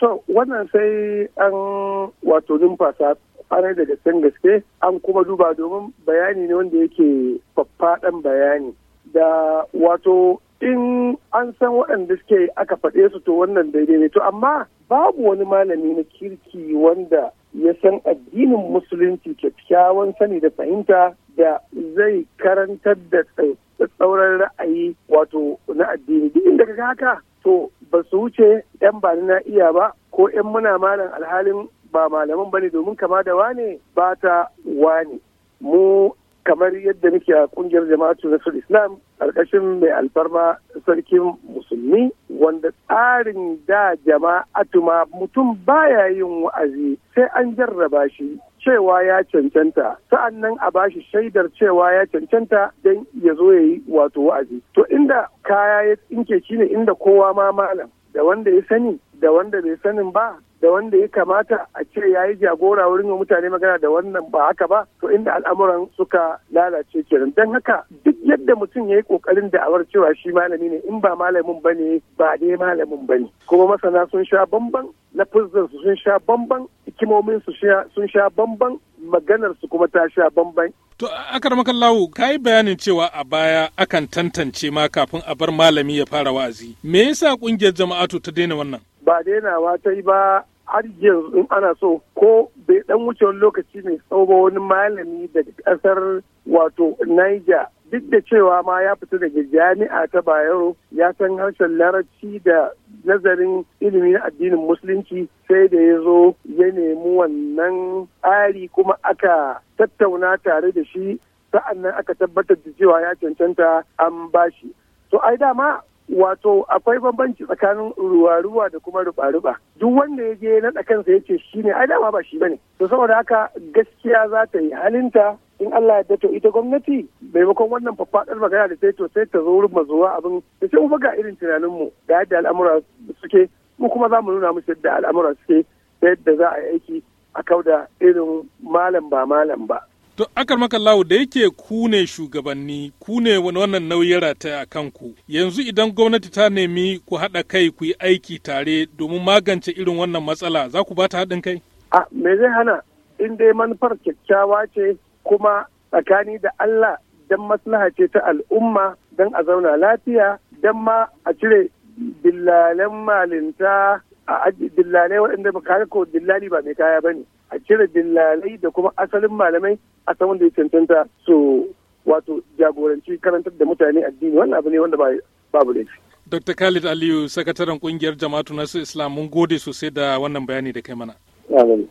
To wannan sai an wato numfasa kwanar da gasken gaske an kuma duba domin bayani ne wanda yake faffaɗan bayani da wato in an san waɗanda suke aka faɗe su to wannan daidai ne to amma babu wani malami na kirki wanda ya san addinin musulunci kyakkyawan sani da fahimta da zai karantar da tsauran ra'ayi wato na addini duk inda ka haka to ba su wuce 'yan ba na iya ba ko 'yan muna malan alhalin ba malaman ba ne domin kama da wane ba ta wane mu kamar yadda muke a kungiyar jama'atu nasul islam ƙarƙashin mai alfarma sarkin musulmi wanda tsarin da jama'atu ma mutum baya yin wa'azi sai an jarraba shi cewa ya cancanta sa'an nan a bashi shaidar cewa ya cancanta don ya zo ya yi wato wa'azi to inda kaya ya tsinke shi ne inda kowa ma malam da wanda ya sani da wanda bai sanin ba da wanda ya kamata a ce ya yi jagora wurin wa mutane magana da wannan ba haka ba to inda al'amuran suka lalace kenan don haka duk yadda mutum ya yi kokarin da'awar cewa shi malami ne in ba malamin ba ne ba dai malamin ba ne kuma masana sun sha bamban na su sun sha bamban hikimomin su sun sha bamban maganar su kuma ta sha bamban. To akarmakan lawo ka yi bayanin cewa a baya akan tantance ma kafin a bar malami ya fara wa'azi. Me yasa kungiyar jama'atu ta daina wannan? Ba dainawa ta yi ba har yanzu in ana so ko bai dan wuce wani lokaci mai tsawo ba wani malami daga kasar wato Niger duk da cewa ma ya fita daga jami'a ta Bayero ya san harshen larabci da nazarin ilimi na addinin musulunci sai da ya zo ya nemi wannan tsari kuma aka tattauna tare da shi sa'annan aka tabbatar da cewa ya cancanta an bashi to ai dama wato akwai bambanci tsakanin ruwa-ruwa da kuma ruba-ruba duk wanda ya je naɗa kansa ya ce shi ne ai dama ba shi bane to saboda haka gaskiya za ta yi halinta in Allah ya to ita gwamnati maimakon wannan faffaɗar magana da sai to sai ta zo wurin mazuwa abin da sai mu ga irin tunaninmu da yadda al'amura suke mu kuma za mu nuna musu yadda al'amura suke yadda za a yi aiki a kauda irin malam ba malam ba. To akar makallahu da yake ku ne shugabanni ku ne wannan nauyin rataya a kanku yanzu idan gwamnati ta nemi ku haɗa kai ku yi aiki tare domin magance irin wannan matsala za ku ba ta haɗin kai? A me zai hana in dai manufar kyakkyawa ce kuma tsakani da Allah don maslaha ce ta al'umma don a zauna lafiya don ma a cire dillalen malinta a dillale waɗanda ba ko dillali ba mai kaya ba ne. a cire dillalai da kuma asalin malamai a saman da ya cancanta su wato jagoranci karantar da mutane addini wannan abu ne wanda babu laifi. Dr. Khalid Aliyu, sakataren kungiyar jama'atu nasu Islam, mun gode sosai da wannan bayani da kai mana.